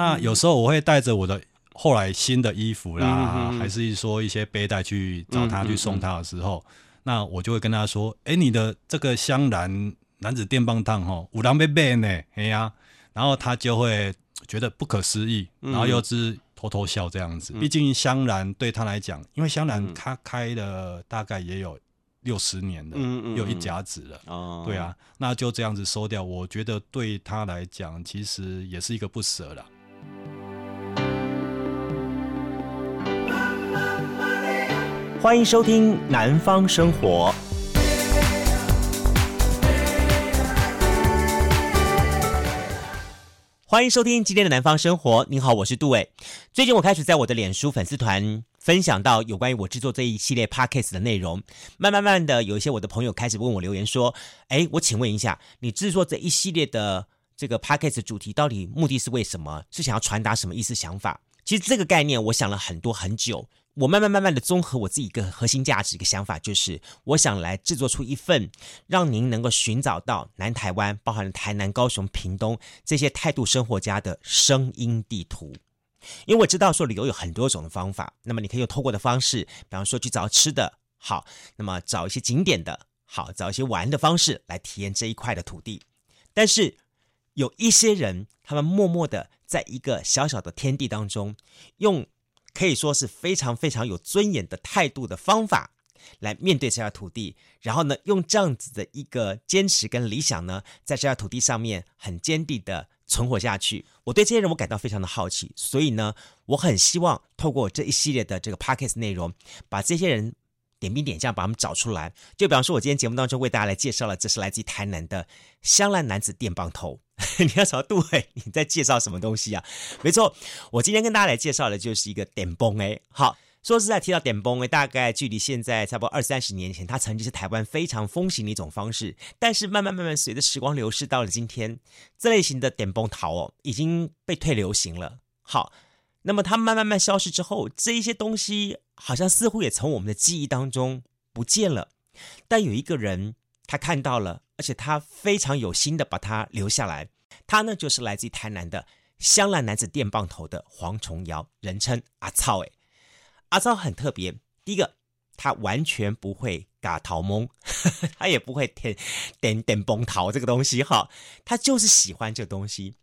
那有時候我會帶着我的後來新的衣服啦，嗯嗯、還是說一些背帶去找他、嗯、去送他的時候、嗯嗯嗯，那我就會跟他說：“哎、欸，你的這個香蘭男子電棒燙吼，有人要買呢，嘿呀。”然後他就會覺得不可思議，嗯、然後又是偷偷笑這樣子。畢、嗯、竟，香蘭對他來講，因為香蘭他開了大概也有六十年了，有、嗯嗯、一甲子了，嗯、對啊、嗯，那就這樣子收掉。我覺得對他來講，其實也是一個不舍啦。歡迎收聽《南方聲活》。歡迎收聽今天的《南方聲活》。您好，我是杜偉。最近我開始在我的臉書粉絲團分享到有關於我制作這一系列 podcast 的內容，慢慢慢的有一些我的朋友開始問我留言說：“哎，我請問一下，你制作這一系列的？”這個 podcast 主題到底目的是為什麼？是想要傳達什麼意思、想法？其實這個概念，我想了很多很久。我慢慢慢慢的綜合我自己一個核心價值、一個想法，就是我想來制作出一份，讓您能夠尋找到南台灣，包含了台南、高雄、屏東這些態度生活家的聲音地圖。因為我知道說旅遊有很多種的方法，那麼你可以用透過的方式，比方說去找吃的好，那麼找一些景點的好，找一些玩的方式來體驗這一塊的土地，但是。有一些人，他們默默的在一個小小的天地當中，用可以說是非常非常有尊嚴的態度的方法來面對這塊土地，然後呢，用這樣子的一個堅持跟理想呢，在這塊土地上面很堅定的存活下去。我對這些人，我感到非常的好奇，所以呢，我很希望透過這一系列的這個 podcast 內容，把這些人點兵點將把他們找出來。就比方說，我今天節目當中為大家來介紹了，這是來自台南的香蘭男子電棒燙。 你要找杜偉？你在介紹什麼東西啊？沒錯，我今天跟大家來介紹的，就是一個電棒。誒，好，說實在，提到電棒，誒，大概距離現在差不多二三十年前，它曾經是台灣非常風行的一種方式。但是慢慢慢慢，隨着時光流逝，到了今天，這類型的電棒燙哦，已經被退流行了。好，那麼它慢慢慢消失之後，這一些東西好像似乎也從我們的記憶當中不見了。但有一個人。他看到了，而且他非常有心的把他留下來。他呢，就是來自台南的香蘭男子電棒燙的黃崇堯，人稱阿草誒。阿草很特別，第一個，他完全不會嘎桃懵，呵呵，他也不會點點點崩桃這個東西哈，他就是喜歡這個東西。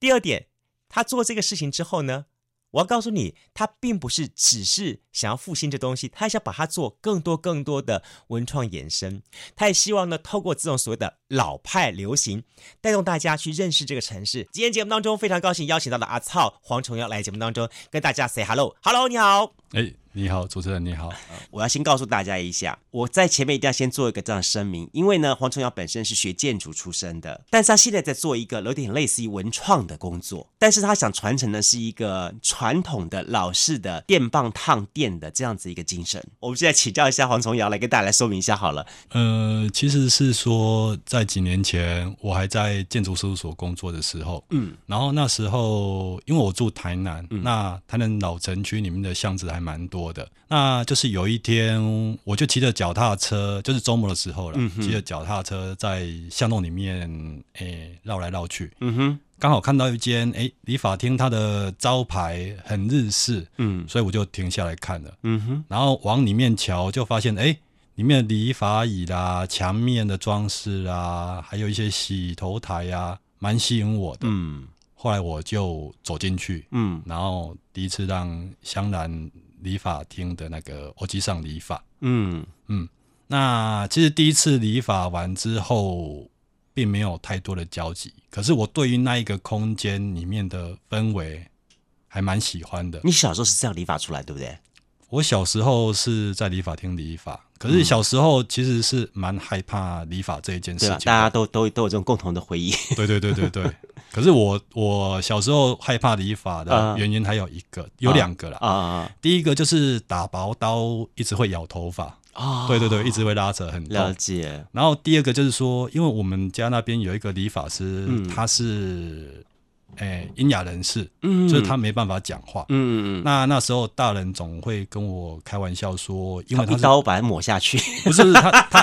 第二點，他做這個事情之後呢。我要告訴你，他並不是只是想要復興這東西，他還想把它做更多更多的文創衍生。他也希望呢，透過這種所謂的老派流行，帶動大家去認識這個城市。今天節目當中非常高興邀請到了阿草，黃崇堯來節目當中跟大家 say hello，hello hello，你好。哎、欸，你好，主持人你好。我要先告訴大家一下，我在前面一定要先做一個這樣的聲明，因為呢，黃崇堯本身是學建築出身的，但是他現在在做一個有點類似於文創的工作，但是他想傳承的是一個傳統的老式的電棒燙電的這樣子一個精神。我們現在請教一下黃崇堯來跟大家來說明一下好了。呃，其實是說在幾年前我還在建築事務所工作的時候，嗯，然後那時候因為我住台南、嗯，那台南老城區裡面的巷子還還蠻多的，那就是有一天我就騎着腳踏車，就是周末的時候了，騎着腳踏車在巷弄裡面誒繞、欸、來繞去，嗯哼，剛好看到一間哎、欸、理髮廳，它的招牌很日式，嗯，所以我就停下來看了，嗯哼，然後往裡面瞧就發現哎、欸、裡面的理髮椅啦、啊、牆面的裝飾啊，還有一些洗頭台啊，蠻吸引我的，嗯，後來我就走進去，嗯，然後第一次讓香蘭。理髮廳的那個歐吉桑理髮，嗯嗯，那其實第一次理髮完之後，並沒有太多的交集，可是我對於那一個空間裡面的氛圍還蠻喜歡的。你小時候是這樣理髮出來，對不對？我小時候是在理髮廳理髮。可是小時候其實是蠻害怕理髮這一件事情，大家都都都有這種共同的回憶。對對對對對，對，可是我我小時候害怕理髮的原因還有一個，有兩個啦啊。第一個就是打薄刀一直會咬頭髮，對對對，一直會拉扯很痛。了解。然後第二個就是說，因為我們家那邊有一個理髮師，他是。哎、欸，音啞人士，就、嗯、是他沒辦法講話。嗯，那那時候大人總會跟我開玩笑說，因為他他刀把它抹下去，不是他 他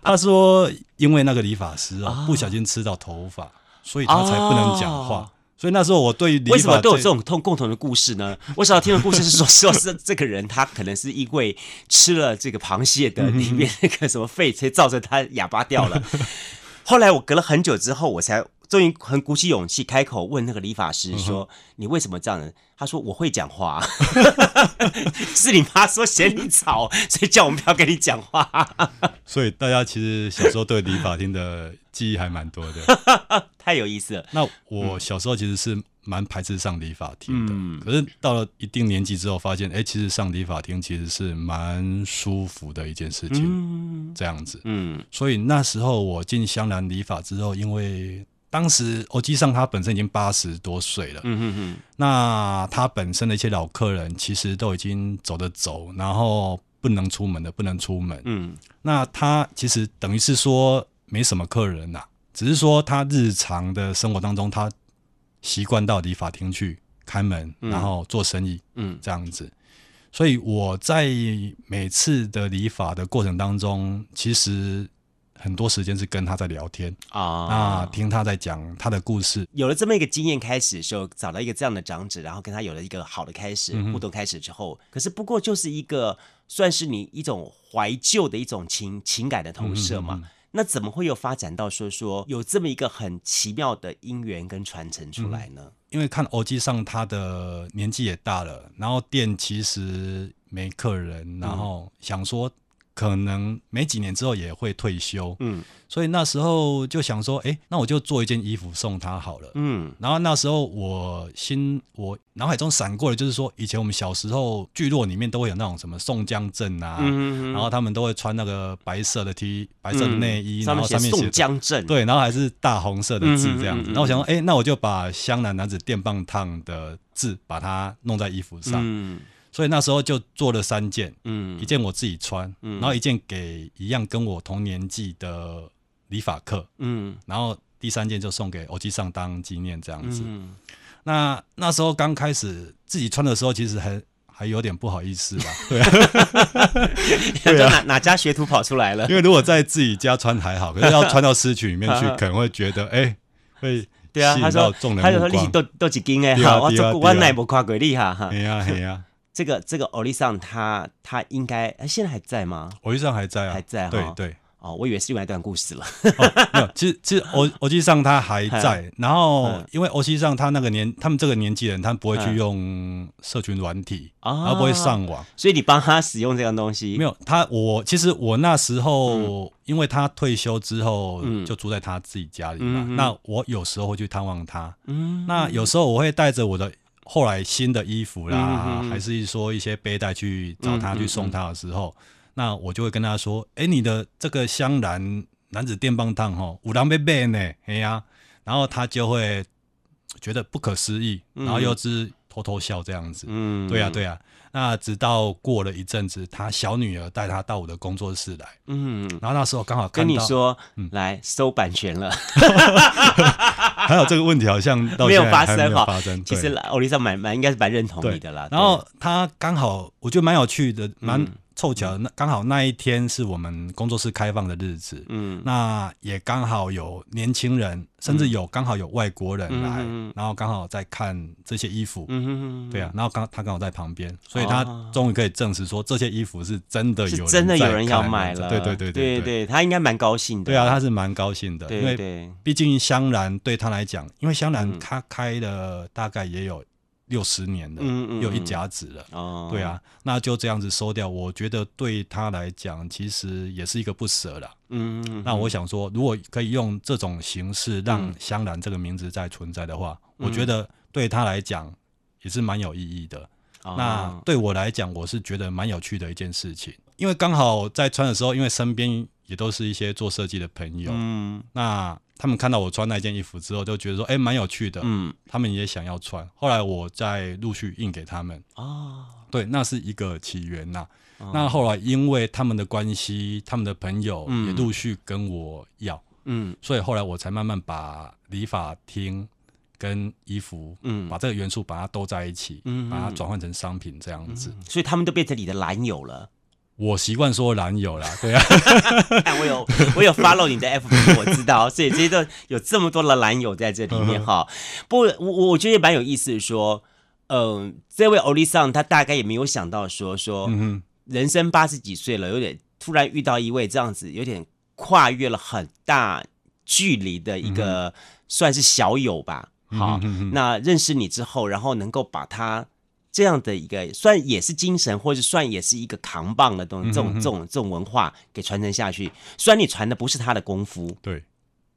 他說，因為那個理髮師哦不小心吃到頭髮，所以他才不能講話、哦。所以那時候我對於理為什麼都有這種共共同的故事呢？ 我什麼聽的故事是說， 說是這個人他可能是因為吃了這個螃蟹的嗯嗯裡面那個什麼廢車，造成他啞巴掉了。 後來我隔了很久之後，我才，終於很鼓起勇氣開口問那個理髮師說、嗯：“你為什麼這樣呢？”他說：“我會講話， 是你媽說嫌你吵，所以叫我們不要跟你講話。 ”所以大家其實小時候對理髮廳的記憶還蠻多的， 太有意思了。那我小時候其實是蠻排斥上理髮廳的、嗯，可是到了一定年紀之後，發現誒其實上理髮廳其實是蠻舒服的一件事情、嗯，這樣子。嗯，所以那時候我進香蘭理髮之後，因為當時，歐吉桑他本身已經八十多歲了。嗯哼哼。那他本身的一些老客人，其實都已經走得走，然後不能出門的，不能出門。嗯。那他其實等於是說沒什麼客人啦、啊，只是說他日常的生活當中，他習慣到理髮廳去開門，然後做生意、嗯。這樣子。所以我在每次的理髮的過程當中，其實。很多時間是跟他在聊天啊，那聽他在講他的故事。有了這麼一個經驗開始的時候，找到一個這樣的長者，然後跟他有了一個好的開始、嗯，互動開始之後，可是不過就是一個算是你一種懷舊的一種情情感的投射嘛、嗯。那怎麼會又發展到說說有這麼一個很奇妙的因緣跟傳承出來呢？嗯、因為看歐吉桑，他的年紀也大了，然後店其實沒客人，嗯、然後想說。可能沒幾年之後也會退休，嗯，所以那時候就想說，哎、欸，那我就做一件衣服送他好了，嗯，然後那時候我心我腦海中閃過的就是說以前我們小時候聚落裡面都會有那種什麼宋江陣啊，嗯嗯，然後他們都會穿那個白色的 T，白色的內衣，嗯、然後上面寫宋江陣，對，然後還是大紅色的字這樣子，嗯嗯嗯嗯然後我想說，哎、欸，那我就把香蘭男子電棒燙的字把它弄在衣服上。嗯所以那時候就做了三件，嗯，一件我自己穿，嗯，然後一件給一樣跟我同年紀的理髮客，嗯，然後第三件就送給歐吉桑當紀念這樣子。嗯、那那時候剛開始自己穿的時候，其實還還有點不好意思吧？ 對啊， 那哪啊 哪，哪家學徒跑出來了？ 因為如果在自己家穿還好，可是要穿到詩曲裡面去， 可能會覺得哎、欸，會對啊。 他說，他就說 你是多多幾斤誒？我我我奶不誇過你哈。這個這個歐里桑，他他應該，他現在還在嗎？歐里桑還在啊，還在哈、哦，對對，哦，我以為是另外一段故事了。 哦、沒有，其實其實歐歐里桑他還在，然後因為歐里桑他那個年，他們這個年紀人，他不會去用社群軟體，然後不會上網、啊，所以你幫他使用這樣東西，沒有他我其實我那時候、嗯，因為他退休之後、嗯、就住在他自己家裡嘛、嗯，那我有時候會去探望他，嗯，那有時候我會帶着我的。後來新的衣服啦，嗯、還是說一些背帶去找他，嗯嗯，去送他的時候，嗯嗯，那我就會跟他說：“哎、欸，你的這個香蘭男子電棒燙吼，有人要買呢？哎呀、啊，然後他就會覺得不可思議，嗯、然後又是偷偷笑這樣子。對、嗯、呀，對呀、啊。對啊”那直到過了一陣子，他小女兒帶他到我的工作室來，嗯，然後那時候剛好看到跟你說，嗯，來收版權了。 還有這個問題好像到沒有發生哈，其實 Olivia 蠻應該是蠻認同你的啦。然後他剛好我覺得蠻有趣的，蠻，嗯。湊巧，那剛好那一天是我們工作室開放的日子，嗯，那也剛好有年輕人，甚至有、嗯、剛好有外國人來，嗯、哼哼然後剛好在看這些衣服，嗯哼哼哼，對啊，然後剛他剛好在旁邊，所以他終於可以證實說、哦，這些衣服是真的有人真的有人要買了，對對對對對，對對對他應該蠻高興的，對啊，他是蠻高興的，對對對因為畢竟香蘭對他來講，因為香蘭他開的大概也有。六十年的，有、嗯嗯嗯、一甲子了、哦，對啊，那就這樣子收掉。我覺得對他來講，其實也是一個不捨了。嗯嗯。那我想說、嗯，如果可以用這種形式讓香蘭這個名字再存在的話，嗯、我覺得對他來講也是蠻有意義的。哦、那對我來講，我是覺得蠻有趣的一件事情。因為剛好在穿的時候，因為身邊也都是一些做設計的朋友，嗯，那他們看到我穿那件衣服之後，就覺得說，哎、欸，蠻有趣的，嗯，他們也想要穿。後來我再陸續印給他們，哦，對，那是一個起源吶、啊哦。那後來因為他們的關係，他們的朋友也陸續跟我要，嗯，所以後來我才慢慢把理髮廳跟衣服，嗯，把這個元素把它兜在一起，嗯，把它轉換成商品這樣子。所以他們都變成你的男友了。我習慣說男友了，對啊、 哎，我有我有 follow 你的 FB 我知道， 所以這些都有這麼多的男友在這裡面哈。 不過，我我覺得也蠻有意思的，說，嗯、呃，這位歐里桑他大概也沒有想到說說，嗯，人生八十幾歲了，有點突然遇到一位這樣子，有點跨越了很大距離的一個 算是小友吧，好， 那認識你之後，然後能夠把他。這樣的一個算也是精神，或者是算也是一個扛棒的東、嗯、這種、這種、這種文化給傳承下去。雖然你傳的不是他的功夫，對，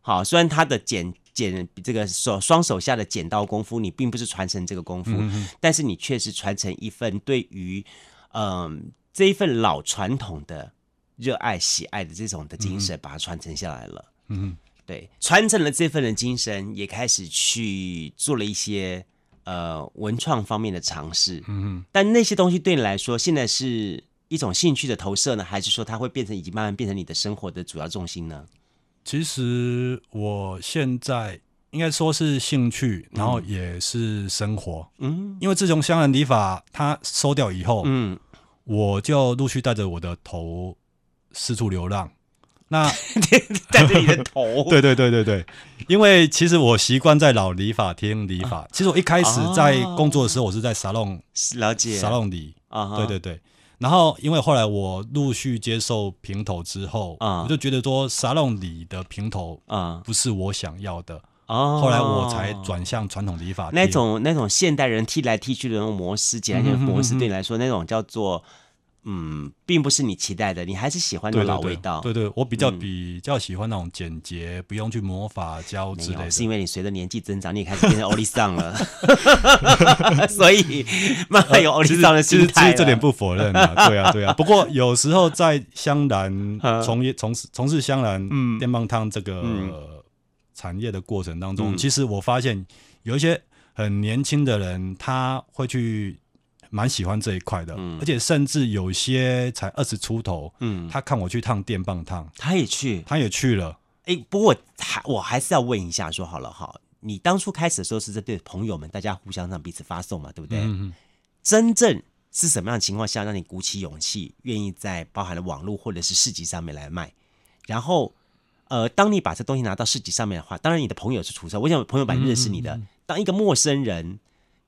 好，雖然他的剪剪這個手雙手下的剪刀功夫，你並不是傳承這個功夫，嗯、但是你確實傳承一份對於嗯、呃、這一份老傳統的熱愛、喜愛的這種的精神，把它傳承下來了。嗯，對，傳承了這份的精神，也開始去做了一些。呃，文創方面的嘗試，嗯，但那些東西對你來說，現在是一種興趣的投射呢，還是說它會變成已經慢慢變成你的生活的主要重心呢？其實我現在應該說是興趣，然後也是生活，嗯，因為自從香蘭理髮他收掉以後，嗯，我就陸續帶着我的頭四處流浪。那 戴着你的頭， 對對對對對,對，因為其實我習慣在老理髮廳理髮。其實我一開始在工作的時候，我是在沙龍、啊哦、了解沙龍裡，啊，對對對。然後因為後來我陸續接受平頭之後，啊，我就覺得說沙龍裡的平頭啊，不是我想要的。哦，後來我才轉向傳統理髮、啊啊。那種那種現代人剃來剃去的那種模式，剪人模式，對你來說，嗯、那種叫做。嗯，並不是你期待的，你還是喜歡那個老味道。對對，對，對，對對，我比較比較喜歡那種簡潔，嗯，不用去魔法膠之類的對，是因為你隨着年紀增長，你也開始變成歐麗桑了， 所以慢慢有歐麗桑的心態，呃。其實這點不否認啊，對啊對啊，對啊。不過有時候在香蘭從業從事從事香蘭電棒燙這個，嗯呃，產業的過程當中，嗯，其實我發現有一些很年輕的人，他會去。蠻喜歡這一塊的、嗯，而且甚至有些才二十出頭，嗯，他看我去燙電棒燙，他也去，他也去了。哎、欸，不過我還我還是要問一下，說好了哈，你當初開始的時候是在對朋友們，大家互相讓彼此發送嘛，對不對？嗯、真正是什麼樣的情況下讓你鼓起勇氣，願意在包含了網絡或者是市集上面來賣？然後，呃，當你把這東西拿到市集上面的話，當然你的朋友是出售，我想朋友把你認識你的、嗯。當一個陌生人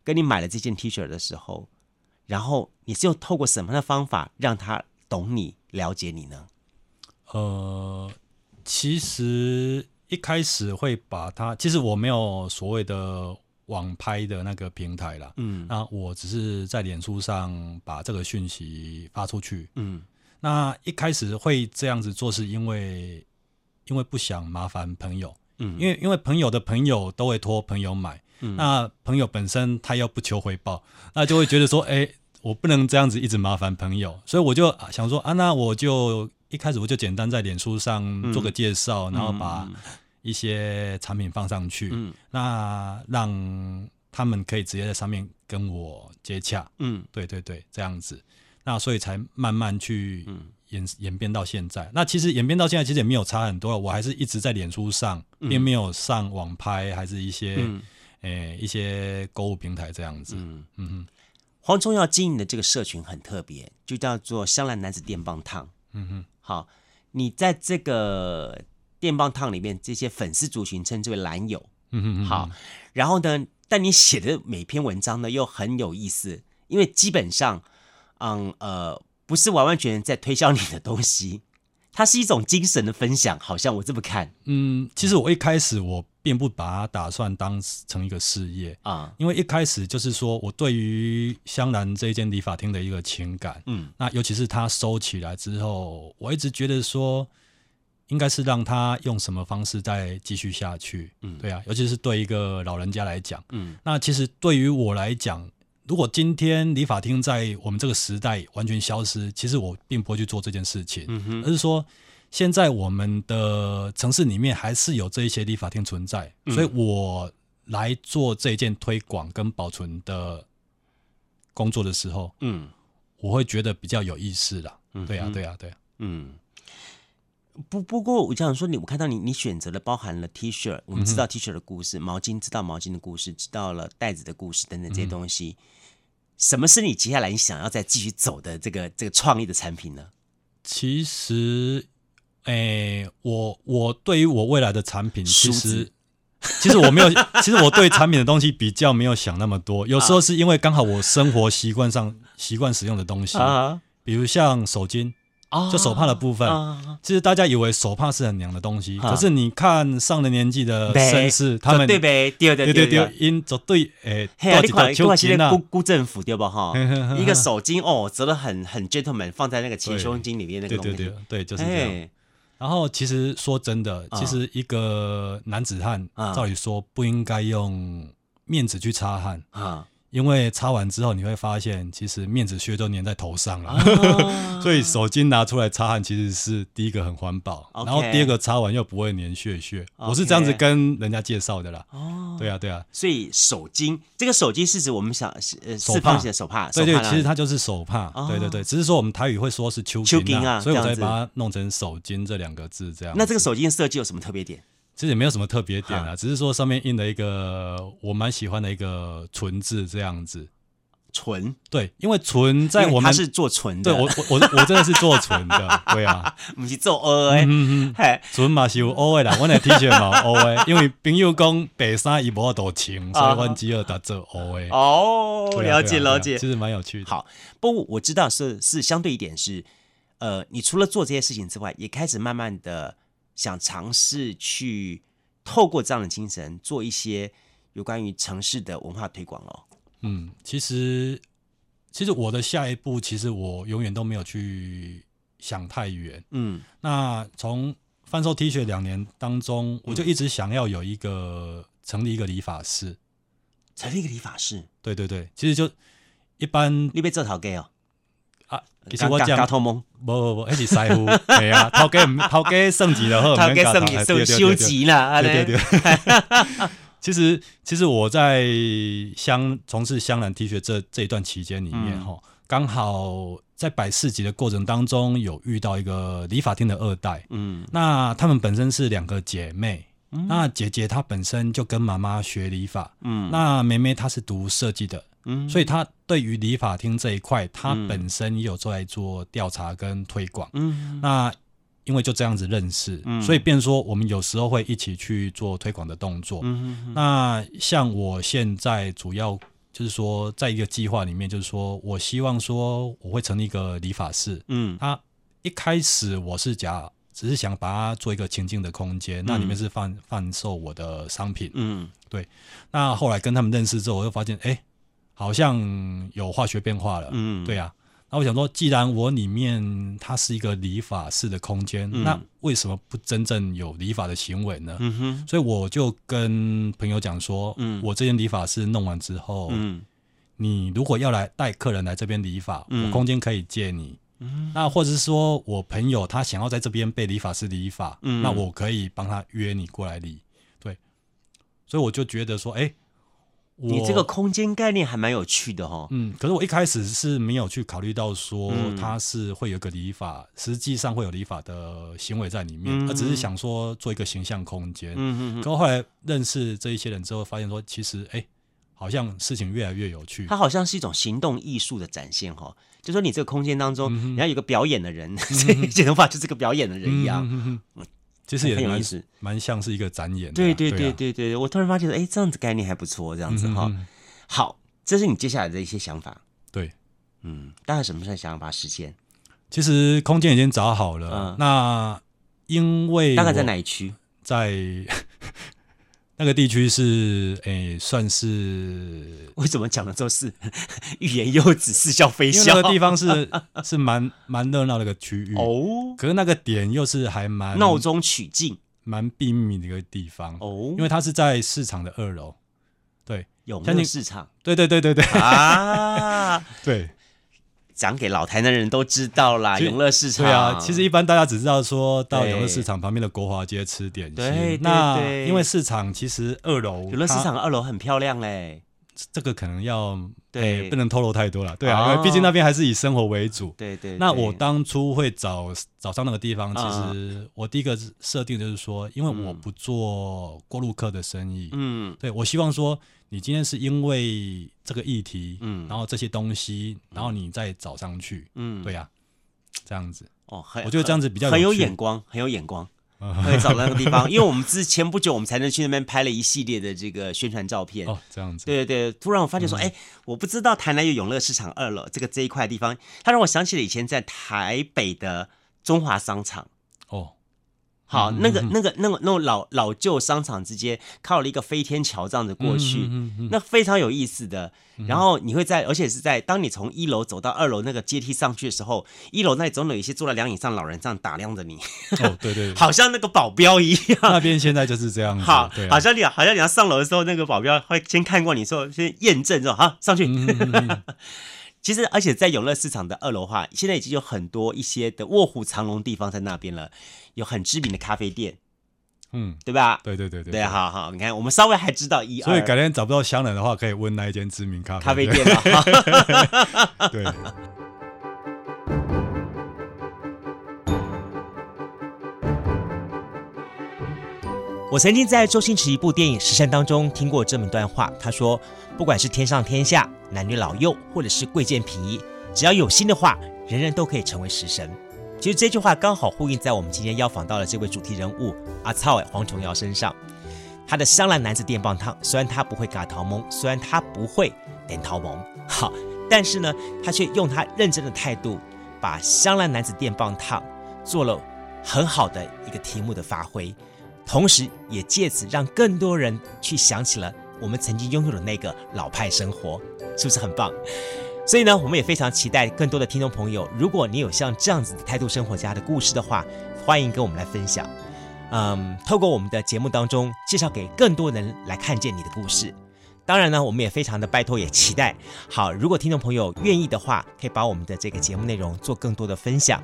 跟你買了這件 T 恤的時候。然後你是透過什麼樣的方法讓他懂你、了解你呢？呃，其實一開始會把他，其實我沒有所謂的網拍的那個平台啦，嗯，那我只是在臉書上把這個訊息發出去，嗯，那一開始會這樣子做，是因為因為不想麻煩朋友，嗯，因為因為朋友的朋友都會托朋友買。嗯、那朋友本身他要不求回報，那就會覺得說，哎、欸，我不能這樣子一直麻煩朋友，所以我就想說啊，那我就一開始我就簡單在臉書上做個介紹，嗯、然後把一些產品放上去，嗯、那讓他們可以直接在上面跟我接洽。嗯，對對對，這樣子，那所以才慢慢去演演變到現在。那其實演變到現在其實也沒有差很多了，我還是一直在臉書上，並沒有上網拍，還是一些。呃、欸，一些購物平台這樣子。嗯嗯哼，黃崇堯經營的這個社群很特別，就叫做香蘭男子電棒燙。嗯哼，好，你在這個電棒燙裡面，這些粉絲族群稱之為蘭友。嗯哼嗯哼，好，然後呢，但你寫的每篇文章呢，又很有意思，因為基本上，嗯呃，不是完完全全在推銷你的東西，它是一種精神的分享，好像我這麼看。嗯，其實我一開始我。並不把他打算當成一個事業啊，uh, 因為一開始就是說我對於香蘭這間理髮廳的一個情感，嗯，那尤其是他收起來之後，我一直覺得說，應該是讓他用什麼方式再繼續下去，嗯，對啊，尤其是對一個老人家來講，嗯，那其實對於我來講，如果今天理髮廳在我們這個時代完全消失，其實我並不會去做這件事情，嗯哼，而是說。現在我們的城市裡面還是有這一些理髮店存在，嗯，所以我來做這件推廣跟保存的工作的時候，嗯，我會覺得比較有意思的對呀，對呀、啊，對呀、啊啊。嗯，不不過我想說你，我看到你你選擇了包含了 T 恤，我們知道 T 恤的故事，嗯、毛巾知道毛巾的故事，知道了袋子的故事等等這些東西，嗯、什麼是你接下來你想要再繼續走的這個這個創意的產品呢？其實。誒、欸，我我對於我未來的產品，其實其實我沒有， 其實我對產品的東西比較沒有想那麼多。有時候是因為剛好我生活習慣上習慣使用的東西，啊、比如像手巾啊，就手帕的部分、啊。其實大家以為手帕是很娘的東西，啊、可是你看上了年紀的紳士、啊，他們對對對對對，因走對誒、啊，多幾道秋巾吶，古古政府對不哈？ 一個手巾哦，折得很很 gentleman，放在那個前胸巾裡面，那個對對對對，就是這樣。欸然後，其實說真的、啊，其實一個男子漢、啊，照理說不應該用面子去擦汗啊。因為擦完之後你會發現，其實面紙屑都粘在頭上了、哦， 所以手巾拿出來擦汗其實是第一個很環保，okay, 然後第二個擦完又不會粘屑屑。Okay, 我是這樣子跟人家介紹的啦。哦，對啊對啊。所以手巾這個手巾是指我們想呃手帕手帕，對對，其實它就是手帕、哦，對對對，只是說我們台語會說是秋巾啊，啊，所以我才把它弄成手巾這兩個字這樣。那這個手巾的設計有什麼特別點？其實也沒有什麼特別點啦，只是說上面印了一個我蠻喜歡的一個“純”字這樣子。純對，因為“純”在我們他是做純的，對我我我真的是做純的，對啊，做嗯、啦我們是做 O A 純嘛，是 O A 的，我那 T 恤嘛 O A，因為朋友講白衫一無多穿，啊、所以我只好打做 O A。哦，了解，啊啊啊啊，了解，其實蠻有趣的。好，不過，我知道是是相對一點是，呃，你除了做這些事情之外，也開始慢慢的。想嘗試去透過這樣的精神做一些有關於城市的文化推廣哦。嗯，其實其實我的下一步，其實我永遠都沒有去想太遠。嗯，那從翻售 T 恤兩年當中我，我就一直想要有一個成立一個理髮師，成立一個理髮師。對對對，其實就一般你備這條街哦。啊、其實我講頭毛，不不不，那是師傅。沒，沒，沒 啊，頭家頭家升級的呵，頭家升級，升升級了。對對對，對對對啊、對對對。 其實其實我在香從事香蘭 T 恤這這一段期間裡面哈，剛、嗯、好在擺市集的過程當中，有遇到一個理髮廳的二代。嗯，那他們本身是兩個姐妹、嗯，那姐姐她本身就跟媽媽學理髮，嗯，那妹妹她是讀設計的。嗯、所以他對於理髮廳這一塊，他本身也有在做調查跟推廣、嗯。那因為就這樣子認識，嗯、所以變說我們有時候會一起去做推廣的動作、嗯。那像我現在主要就是說，在一個計劃裡面，就是說我希望說我會成立一個理髮室。嗯，他一開始我是假，只是想把它做一個清淨的空間、嗯，那裡面是販售我的商品。嗯，對。那後來跟他們認識之後，我又發現，哎、欸。好像有化學變化了，嗯，對啊。那我想說，既然我裡面它是一個理髮室的空間、嗯，那為什麼不真正有理髮的行為呢？嗯哼。所以我就跟朋友講說、嗯，我這間理髮室弄完之後，嗯，你如果要來帶客人來這邊理髮、嗯，我空間可以借你。嗯。那或者是說我朋友他想要在這邊被理髮師理髮，嗯，那我可以幫他約你過來理。對。所以我就覺得說，哎、欸。你這個空間概念還蠻有趣的哈、哦，嗯，可是我一開始是沒有去考慮到說他、嗯、是會有個理髮，實際上會有理髮的行為在裡面、嗯，而只是想說做一個形象空間。嗯嗯嗯。可後來認識這一些人之後，發現說其實哎，好像事情越來越有趣。它好像是一種行動藝術的展現哈、哦，就說你這個空間當中，嗯嗯、你要有個表演的人，嗯嗯、 剪頭髮就是個表演的人一樣。嗯嗯嗯其實也蠻、哎、很有意思，蠻像是一個展演的、啊。對對對對對，對，對、啊，我突然發覺，哎，這樣子概念還不錯，這樣子哈、嗯哦。好，這是你接下來的一些想法。對，嗯，大概什麼時候想法實現？其實空間已經找好了，嗯、那因為大概在哪一區？在。那個地區是誒、欸，算是為什麼講的就是欲 言又止，似笑非笑。那個地方是 是蠻蠻熱鬧的一個區域哦，可是那個點又是還蠻鬧中取靜，蠻秘密的一個地方哦，因為它是在市場的二樓，對，有沒有市場，對對對對對，對，對啊， 對。講給老台南人都知道啦，永樂市場。對啊，其實一般大家只知道說到永樂市場旁邊的國華街吃點心對。對對對，因為市場其實二樓，永樂市場二樓很漂亮嘞、欸。這個可能要對、欸，不能透露太多了，對啊，啊因為畢竟那邊還是以生活為主。對對，對。那我當初會找找上那個地方，其實我第一個設定就是說、嗯，因為我不做過路客的生意，嗯，對，我希望說，你今天是因為這個議題，嗯，然後這些東西，然後你再找上去，嗯，對呀、啊，這樣子。哦很，我覺得這樣子比較有趣，很很有眼光，很有眼光。會找到那個地方，因為我們之前不久我們才能去那邊拍了一系列的這個宣傳照片。哦，這樣子。對對對，突然我發現說，哎、嗯，我不知道台南有永樂市場二樓這個這一塊地方，它讓我想起了以前在台北的中華商場。好、嗯，那個、那個、那個、那種老老舊商場之間，靠了一個飛天橋這樣子過去、嗯，那非常有意思的、嗯。然後你會在，而且是在當你從一樓走到二樓那個階梯上去的時候，一樓那裡總有一些坐在兩椅上老人這樣打量着你，哦，對，對對，好像那個保鏢一樣。那邊現在就是這樣。好、啊，好像你好像你要上樓的時候，那個保鏢會先看過你，說先驗證之後，好上去。嗯 其實，而且在永樂市場的二樓話，現在已經有很多一些的臥虎藏龍地方在那邊了，有很知名的咖啡店，嗯，對吧？對對對對，對，對，對，對，好好，你看，我們稍微還知道一，二，所以改天找不到香蘭的話，可以問那一間知名咖啡店咖啡店 對。 我曾經在周星馳一部電影《食神》當中聽過這麼一段話，他說：“不管是天上天下，男女老幼，或者是貴賤貧，只要有心的話，人人都可以成為食神。”其實這句話剛好呼應在我們今天要訪到的這位主題人物阿草黃崇堯身上。他的香蘭男子電棒燙，雖然他不會嘎桃蒙，雖然他不會點桃蒙，好，但是呢，他卻用他認真的態度，把香蘭男子電棒燙做了很好的一個題目的發揮。同時，也借此讓更多人去想起了我們曾經擁有的那個老派生活，是不是很棒？所以呢，我們也非常期待更多的聽眾朋友，如果你有像這樣子的態度生活家的故事的話，歡迎跟我們來分享。嗯，透過我們的節目當中，介紹給更多人來看見你的故事。當然呢，我們也非常的拜托，也期待。好，如果聽眾朋友願意的話，可以把我們的這個節目內容做更多的分享。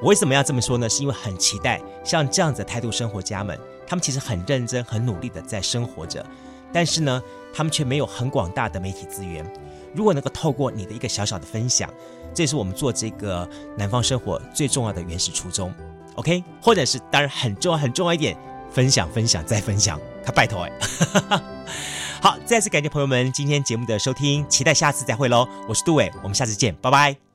我為什麼要這麼說呢？是因為很期待像這樣子的態度生活家們。他們其實很認真、很努力的在生活着，但是呢，他們卻沒有很廣大的媒體資源。如果能夠透過你的一個小小的分享，這也是我們做這個南方聲活最重要的原始初衷。OK，或者是當然很重要、很重要一點，分享、分享再分享，他拜托哎、欸。 好，再次感謝朋友們今天節目的收聽，期待下次再會嘍。我是杜偉，我們下次見，拜拜。